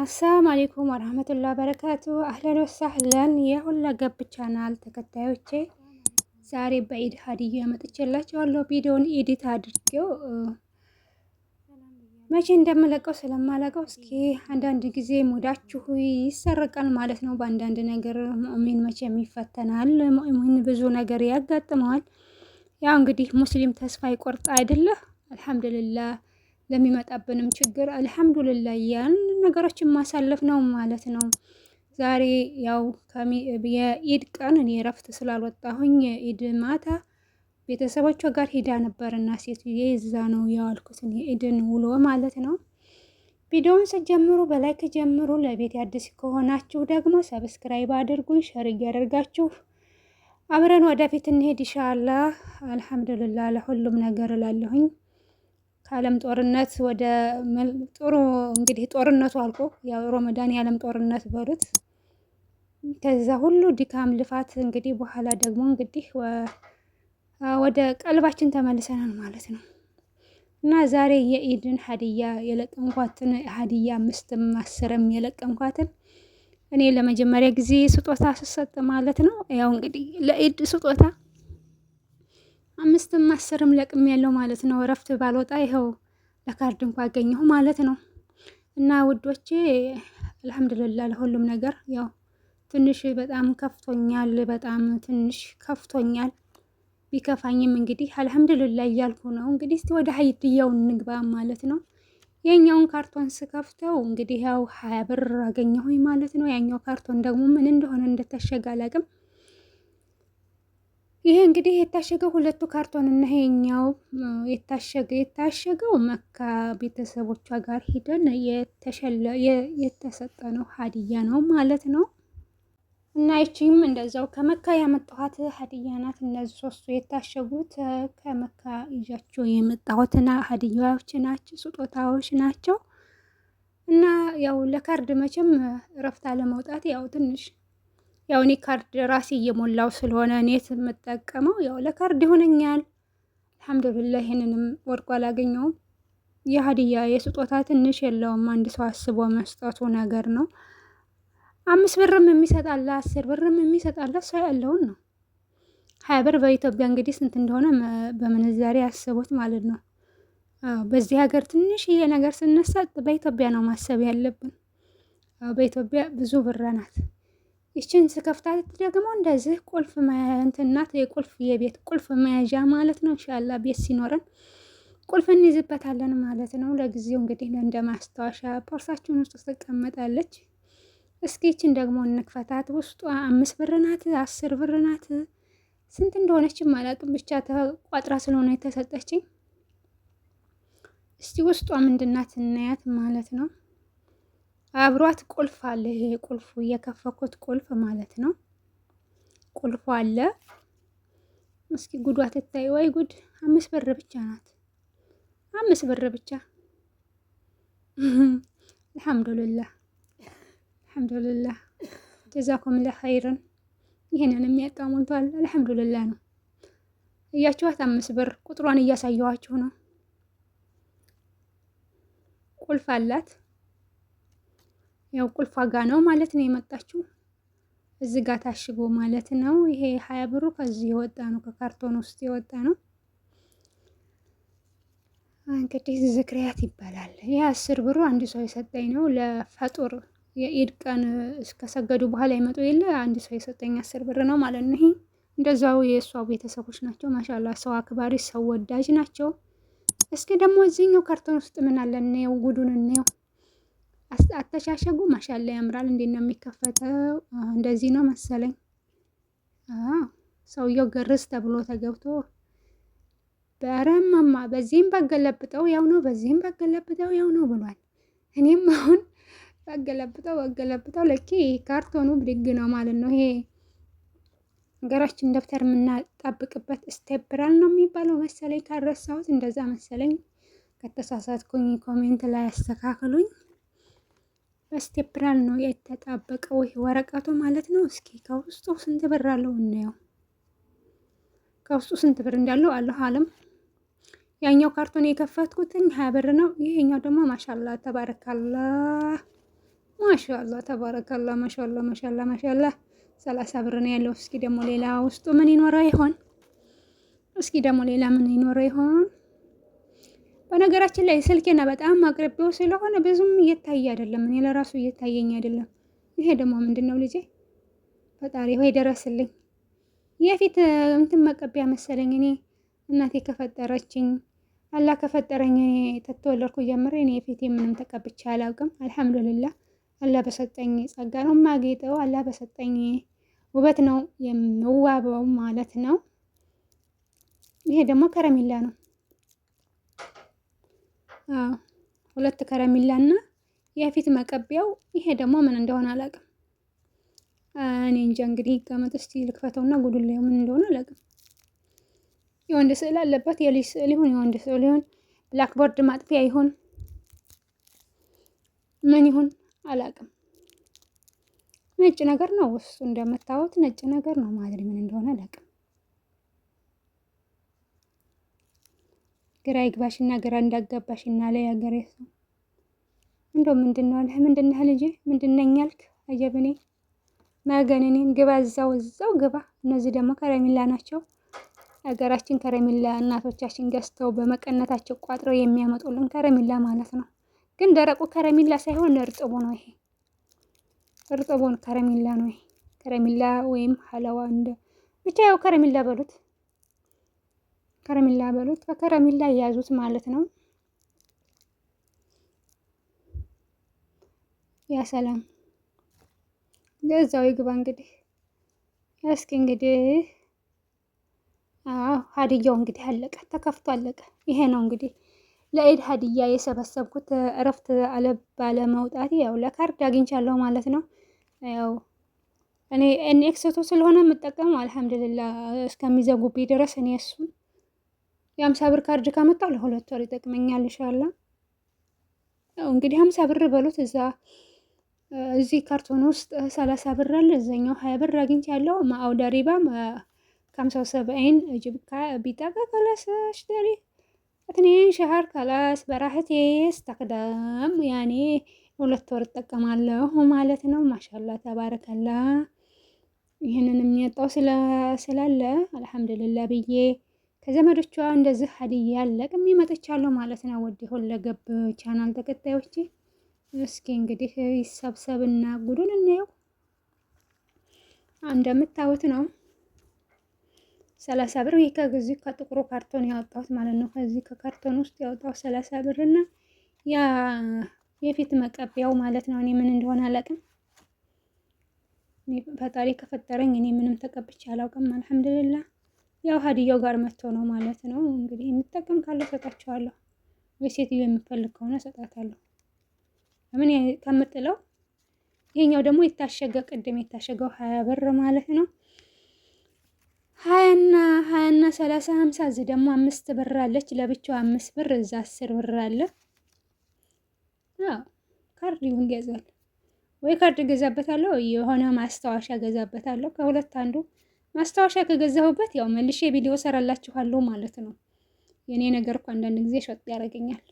አሰላም አሌይኩም ወረህመቱላ በረካቱ። አህለን ወሳህለን የሁላ ገብ ቻናል ተከታዮቼ ዛሬ በኢድ ሀዲያ መጥቼላችኋለሁ። ቪዲዮውን ኢዲት አድርጌው መቼ እንደምለቀው ስለማለቀው እስኪ አንዳንድ ጊዜ ሙዳችሁ ይሰረቃል ማለት ነው። በአንዳንድ ነገር ሙእሚን መቼም ይፈተናል። ሙእሚን ብዙ ነገር ያጋጥመዋል። ያው እንግዲህ ሙስሊም ተስፋ ይቆርጥ አይደለ? አልሐምዱልላህ ለሚመጣብንም ችግር አልሐምዱልላህ ያን ነገሮችን ማሳለፍ ነው ማለት ነው። ዛሬ ያው የኢድ ቀን እኔ እረፍት ስላልወጣሁኝ የኢድ ማታ ቤተሰቦቿ ጋር ሄዳ ነበርና ሴት የዛ ነው የዋልኩትን የኢድን ውሎ ማለት ነው። ቪዲዮውን ስትጀምሩ በላይክ ጀምሩ። ለቤት አዲስ ከሆናችሁ ደግሞ ሰብስክራይብ አድርጉኝ፣ ሸር እያደርጋችሁ አብረን ወደፊት እንሄድ። ይሻላ አልሐምዱልላ ለሁሉም ነገር እላለሁኝ። ከዓለም ጦርነት ወደ ጥሩ እንግዲህ ጦርነቱ አልቆ ያው ሮመዳን የዓለም ጦርነት በሉት። ከዛ ሁሉ ድካም ልፋት እንግዲህ በኋላ ደግሞ እንግዲህ ወደ ቀልባችን ተመልሰናል ማለት ነው። እና ዛሬ የኢድን ሀዲያ የለቀምኳትን ሀዲያ አምስትም አስርም የለቀምኳትን እኔ ለመጀመሪያ ጊዜ ስጦታ ስሰጥ ማለት ነው። ያው እንግዲህ ለኢድ ስጦታ አምስትም አስርም ለቅም ያለው ማለት ነው። እረፍት ባልወጣ ይኸው ለካርድ እንኳ አገኘሁ ማለት ነው። እና ውዶቼ አልሐምዱልላ ለሁሉም ነገር ያው ትንሽ በጣም ከፍቶኛል፣ በጣም ትንሽ ከፍቶኛል። ቢከፋኝም እንግዲህ አልሐምዱልላ እያልኩ ነው። እንግዲህ እስቲ ወደ ሀይድያው እንግባ ማለት ነው። የኛውን ካርቶን ስከፍተው እንግዲህ ያው ሀያ ብር አገኘሁኝ ማለት ነው። ያኛው ካርቶን ደግሞ ምን እንደሆነ እንደተሸገ አላቅም። ይሄ እንግዲህ የታሸገው ሁለቱ ካርቶን እና ይሄኛው የታሸገ የታሸገው መካ ቤተሰቦቿ ጋር ሂደን የተሰጠነው ሀዲያ ነው ማለት ነው። እና ይቺም እንደዛው ከመካ ያመጣኋት ሀዲያ ናት። እነዚህ ሶስቱ የታሸጉት ከመካ ይዣቸው የመጣሁትና ሀዲያዎች ናቸው፣ ስጦታዎች ናቸው። እና ያው ለካርድ መቼም እረፍታ ለመውጣት ያው ትንሽ ያው እኔ ካርድ ራሴ እየሞላው ስለሆነ ኔት የምጠቀመው ያው ለካርድ ይሆነኛል። አልሐምዱሊላህ ይህንንም ወድቆ አላገኘውም። የሀዲያ የስጦታ ትንሽ የለውም። አንድ ሰው አስቦ መስጠቱ ነገር ነው። አምስት ብርም የሚሰጣለ አስር ብርም የሚሰጣለ ሰው ያለውን ነው። ሀያ ብር በኢትዮጵያ እንግዲህ ስንት እንደሆነ በምንዛሬ አስቦት ማለት ነው። በዚህ ሀገር ትንሽዬ ነገር ስንሰጥ በኢትዮጵያ ነው ማሰብ ያለብን። በኢትዮጵያ ብዙ ብር ናት። ይችን ስከፍታት ደግሞ እንደዚህ ቁልፍ እንትናት የቁልፍ የቤት ቁልፍ መያዣ ማለት ነው። ኢንሻላ ቤት ሲኖረን ቁልፍ እንይዝበታለን ማለት ነው። ለጊዜው እንግዲህ እንደ ማስታወሻ ፖርሳችን ውስጥ ትቀመጣለች። እስኪ ይችን ደግሞ እንክፈታት። ውስጧ አምስት ብር ናት፣ አስር ብር ናት፣ ስንት እንደሆነች አላውቅም። ብቻ ተቋጥራ ስለሆነ የተሰጠችኝ። እስቲ ውስጧ ምንድናት እናያት ማለት ነው። አብሯት ቁልፍ አለ። ይሄ ቁልፉ እየከፈኩት ቁልፍ ማለት ነው። ቁልፉ አለ። እስኪ ጉዷ ትታይ ወይ ጉድ! አምስት ብር ብቻ ናት። አምስት ብር ብቻ። አልሐምዱሊላህ፣ አልሐምዱሊላህ። ጀዛኩም ለኸይርን ይህንን የሚያጣሙንቷል። አልሐምዱሊላህ ነው እያችኋት። አምስት ብር ቁጥሯን እያሳየኋችሁ ነው። ቁልፍ አላት። ያው ቁልፏ ጋ ነው ማለት ነው የመጣችው። እዚህ ጋ ታሽጎ ማለት ነው። ይሄ ሀያ ብሩ ከዚህ የወጣ ነው፣ ከካርቶን ውስጥ የወጣ ነው። እንግዲህ ዝክሪያት ይባላል። ይህ አስር ብሩ አንድ ሰው የሰጠኝ ነው ለፈጡር የኢድ ቀን እስከሰገዱ በኋላ ይመጡ የለ አንድ ሰው የሰጠኝ አስር ብር ነው ማለት ነው። ይሄ እንደዛው የእሷ ቤተሰቦች ናቸው። ማሻላ ሰው አክባሪ ሰው ወዳጅ ናቸው። እስኪ ደግሞ እዚህኛው ካርቶን ውስጥ ምን አለ እንየው፣ ጉዱን እንየው። አተሻሸጉ ማሻላ ያምራል። እንዴት ነው የሚከፈተው? እንደዚህ ነው መሰለኝ። ሰውየው ግርስ ተብሎ ተገብቶ በረማማ በዚህም ባገለብጠው ያው ነው፣ በዚህም በገለብጠው ያው ነው ብሏል። እኔም አሁን በገለብጠው በገለብጠው ለኪ ካርቶኑ ብድግ ነው ማለት ነው። ይሄ ሀገራችን ደብተር የምናጣብቅበት ስቴፕራል ነው የሚባለው መሰለኝ፣ ካረሳሁት እንደዛ መሰለኝ። ከተሳሳትኩኝ ኮሜንት ላይ አስተካክሉኝ። በስቴፕላል ነው የተጣበቀው ይሄ ወረቀቱ ማለት ነው። እስኪ ከውስጡ ስንት ብር አለው እናየው። ከውስጡ ስንት ብር እንዳለው አለሁ አለም። ያኛው ካርቶን የከፈትኩትኝ ሀያ ብር ነው። ይሄኛው ደግሞ ማሻላ ተባረካላ፣ ማሻላ ተባረካላ፣ ማሻላ ማሻላ ማሻላ ሰላሳ ብር ነው ያለው። እስኪ ደግሞ ሌላ ውስጡ ምን ይኖረው ይሆን? እስኪ ደግሞ ሌላ ምን ይኖረው ይሆን? በነገራችን ላይ ስልኬና በጣም አቅርቤው ስለሆነ ብዙም እየታየ አይደለም። እኔ ለራሱ እየታየኝ አይደለም። ይሄ ደግሞ ምንድን ነው ልጄ? ፈጣሪ ሆይ ደረስልኝ። የፊት እንትን መቀቢያ መሰለኝ። እኔ እናቴ ከፈጠረችኝ አላ ከፈጠረኝ እኔ ተተወለድኩ ጀምሬ እኔ የፊቴ ምንም ተቀብቼ አላውቅም። አልሐምዱልላ አላ በሰጠኝ ጸጋ ነው ማጌጠው። አላ በሰጠኝ ውበት ነው የምዋበው ማለት ነው። ይሄ ደግሞ ከረሜላ ነው። ሁለት ከረሚላ እና የፊት መቀቢያው። ይሄ ደግሞ ምን እንደሆነ አላውቅም። እኔ እንጃ እንግዲህ ይቀመጥ እስቲ ልክፈተው እና ላይ ምን እንደሆነ አላውቅም። የወንድ ስዕል አለበት። የልጅ ስዕል ይሁን የወንድ ስዕል ይሁን ብላክቦርድ ማጥፊያ ይሁን ምን ይሁን አላውቅም። ነጭ ነገር ነው ውስጡ እንደምታዩት ነጭ ነገር ነው። ማድሪ ምን እንደሆነ አላውቅም። ግራ ይግባሽ እና ግራ እንዳጋባሽ እና ላይ ሀገር ሰው እንደው ምንድነው አለ አለህ? ምንድን ነህ ልጄ? ያልክ? አጀብኔ መገንኔን ግባ፣ እዛው እዛው ግባ። እነዚህ ደግሞ ከረሚላ ናቸው። ሀገራችን ከረሚላ እናቶቻችን ገዝተው በመቀነታቸው ቋጥረው የሚያመጡልን ከረሚላ ማለት ነው። ግን ደረቁ ከረሚላ ሳይሆን እርጥቡ ነው። ይሄ እርጥቡን ከረሚላ ነው። ይሄ ከረሚላ ወይም ሀለዋ እንደ ብቻ ያው ከረሜላ በሉት። በከረሜላ በሉት፣ በከረሜላ የያዙት ማለት ነው። ያ ሰላም ገዛው ይግባ እንግዲህ። እስኪ እንግዲህ አዎ ሀዲያው እንግዲህ አለቀ፣ ተከፍቶ አለቀ። ይሄ ነው እንግዲህ ለኢድ ሀዲያ የሰበሰብኩት እረፍት ባለመውጣት ያው ለካርድ አግኝቻለሁ ማለት ነው። ያው እኔ ኤንኤክስቶ ስለሆነ የምጠቀመው አልሐምዱሊላ እስከሚዘጉብኝ ድረስ እኔ እሱን የአምሳ ብር ካርድ ካመጣው ለሁለት ወር ይጠቅመኛል ይሻላ። እንግዲህ አምሳ ብር በሉት እዛ እዚህ ካርቶን ውስጥ ሰላሳ ብር አለ፣ እዛኛው ሀያ ብር አግኝቼ ያለው ማአውዳ ሪባ ከምሳው ሰብአይን እጅብካ ቢጠቃ ከላስ ሽተሪ እትኔን ሸሃር ከላስ በራህቴ ስተክደም ያኔ ሁለት ወር እጠቀማለሁ ማለት ነው። ማሻላ ተባረከላ። ይህንን የሚያጣው ስላለ አልሐምዱልላ ብዬ ዘመዶቿ እንደዚህ ሀዲያ ያለቅም ይመጥቻለሁ ማለት ነው። ወደ ሁለገብ ቻናል ተከታዮቼ እስኪ እንግዲህ ይሰብሰብና ጉዱን እናየው። እንደምታዩት ነው ሰላሳ ብር ይህ ከዚህ ከጥቁሩ ካርቶን ያወጣሁት ማለት ነው። ከዚህ ከካርቶን ውስጥ ያወጣሁት ሰላሳ ብር እና ያ የፊት መቀቢያው ማለት ነው። እኔ ምን እንደሆነ አላውቅም። ፈጣሪ ከፈጠረኝ እኔ ምንም ተቀብቼ አላውቅም። አልሐምዱሊላህ ያው ሀዲያው ጋር መጥቶ ነው ማለት ነው። እንግዲህ የምጠቀም ካለ ሰጣቸዋለሁ፣ ወይ ሴትዮ የምፈልግ ከሆነ ሰጣታለሁ። ለምን ከምጥለው ይሄኛው ደግሞ የታሸገ ቅድም የታሸገው ሀያ ብር ማለት ነው። ሀያና ሀያና ሰላሳ ሀምሳ እዚህ ደግሞ አምስት ብር አለች ለብቻው አምስት ብር እዛ አስር ብር አለ። ካርድ ይሁን ገዛል ወይ ካርድ ገዛበታለሁ፣ የሆነ ማስታወሻ ገዛበታለሁ። ከሁለት አንዱ ማስታወሻ ከገዛሁበት ያው መልሼ ቪዲዮ ሰራላችኋለሁ ማለት ነው። የእኔ ነገር እኮ አንዳንድ ጊዜ ሸጥ ያደርገኛል።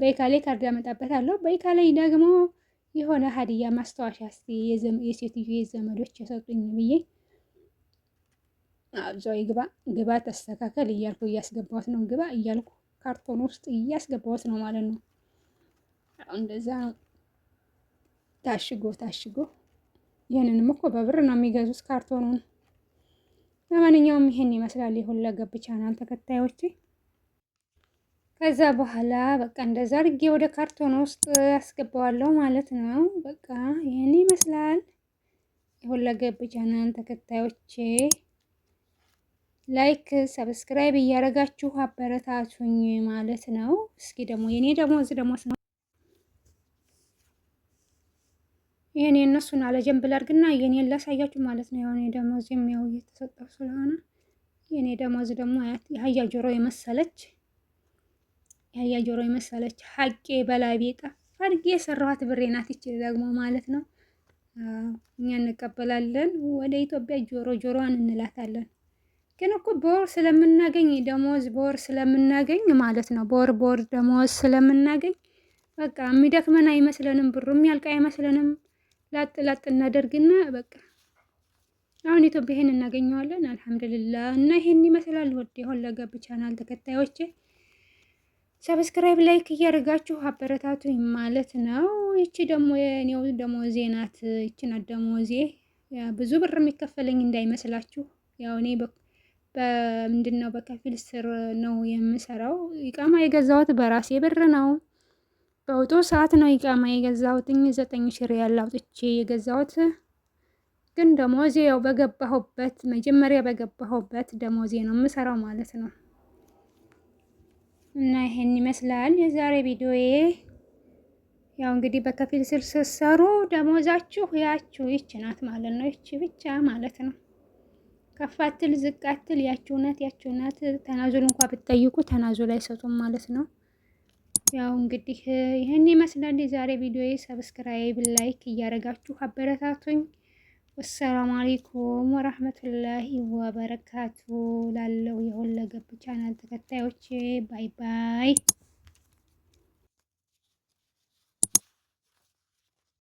በይካሌ ካርድ ያመጣበታለሁ። በይካሌ ደግሞ የሆነ ሀዲያ ማስታወሻ ስ የሴትዮ የዘመዶች የሰጡኝ ብዬ አብዛው ግባ ግባ ተስተካከል እያልኩ እያስገባሁት ነው። ግባ እያልኩ ካርቶን ውስጥ እያስገባሁት ነው ማለት ነው። እንደዛ ነው ታሽጎ ታሽጎ ይህንንም እኮ በብር ነው የሚገዙት ካርቶኑን። ለማንኛውም ይህን ይመስላል የሁለገብ ቻናል ተከታዮች ከዛ በኋላ በቃ እንደዛ አድርጌ ወደ ካርቶን ውስጥ አስገባዋለሁ ማለት ነው። በቃ ይህን ይመስላል የሁለገብ ቻናል ተከታዮች። ላይክ ሰብስክራይብ እያደረጋችሁ አበረታቱኝ ማለት ነው። እስኪ ደግሞ የኔ ደግሞ እዚህ ደግሞ ይህን የእነሱን አለጀን ብላድርግና የኔን ላሳያችሁ ማለት ነው። የሆነ ደሞዝ የሚያው እየተሰጠው ስለሆነ የኔ ደሞዝ ደግሞ የአህያ ጆሮ የመሰለች የአህያ ጆሮ የመሰለች ሀቄ በላይ ቤጣ አድጌ የሰራኋት ብሬ ናት። ይች ደግሞ ማለት ነው እኛ እንቀበላለን። ወደ ኢትዮጵያ ጆሮ ጆሮዋን እንላታለን። ግን እኮ በወር ስለምናገኝ ደሞዝ በወር ስለምናገኝ ማለት ነው በወር በወር ደሞዝ ስለምናገኝ በቃ የሚደክመን አይመስለንም፣ ብሩ የሚያልቅ አይመስለንም። ላጥ ላጥ እናደርግና በቃ አሁን ኢትዮጵያ ይሄን እናገኘዋለን። አልሐምዱሊላህ እና ይሄን ይመስላል። ወደ ሆላ ቻናል ተከታዮቼ ሰብስክራይብ፣ ላይክ እያደረጋችሁ አበረታቱኝ ማለት ነው። ይቺ ደግሞ የኔው ደሞዜ ናት። ይቺን ደሞዜ ብዙ ብር የሚከፈለኝ እንዳይመስላችሁ። ያው እኔ በምንድን ነው በከፊል ስር ነው የምሰራው። ይቃማ የገዛሁት በራሴ ብር ነው። በውጡ ሰዓት ነው ይቃማ የገዛሁትኝ ዘጠኝ ሺህ ሪያል አውጥቼ የገዛሁት። ግን ደሞዜ ያው በገባሁበት መጀመሪያ በገባሁበት ደሞዜ ነው የምሰራው ማለት ነው። እና ይሄን ይመስላል የዛሬ ቪዲዮዬ። ያው እንግዲህ በከፊል ስር ስትሰሩ ደሞዛችሁ ያችሁ ይች ናት ማለት ነው። ይች ብቻ ማለት ነው። ከፋትል ዝቃትል ያችሁ ናት ያችሁ ናት። ተናዙል እንኳ ብትጠይቁ ተናዙል አይሰጡም ማለት ነው። ያው እንግዲህ ይህን ይመስላል የዛሬ ቪዲዮ። ሰብስክራይብ፣ ላይክ እያደረጋችሁ አበረታቱኝ። ወሰላሙ አሌይኩም ወራህመቱላሂ ወበረካቱ ላለው የሁለገብ ቻናል ተከታዮች ባይ ባይ።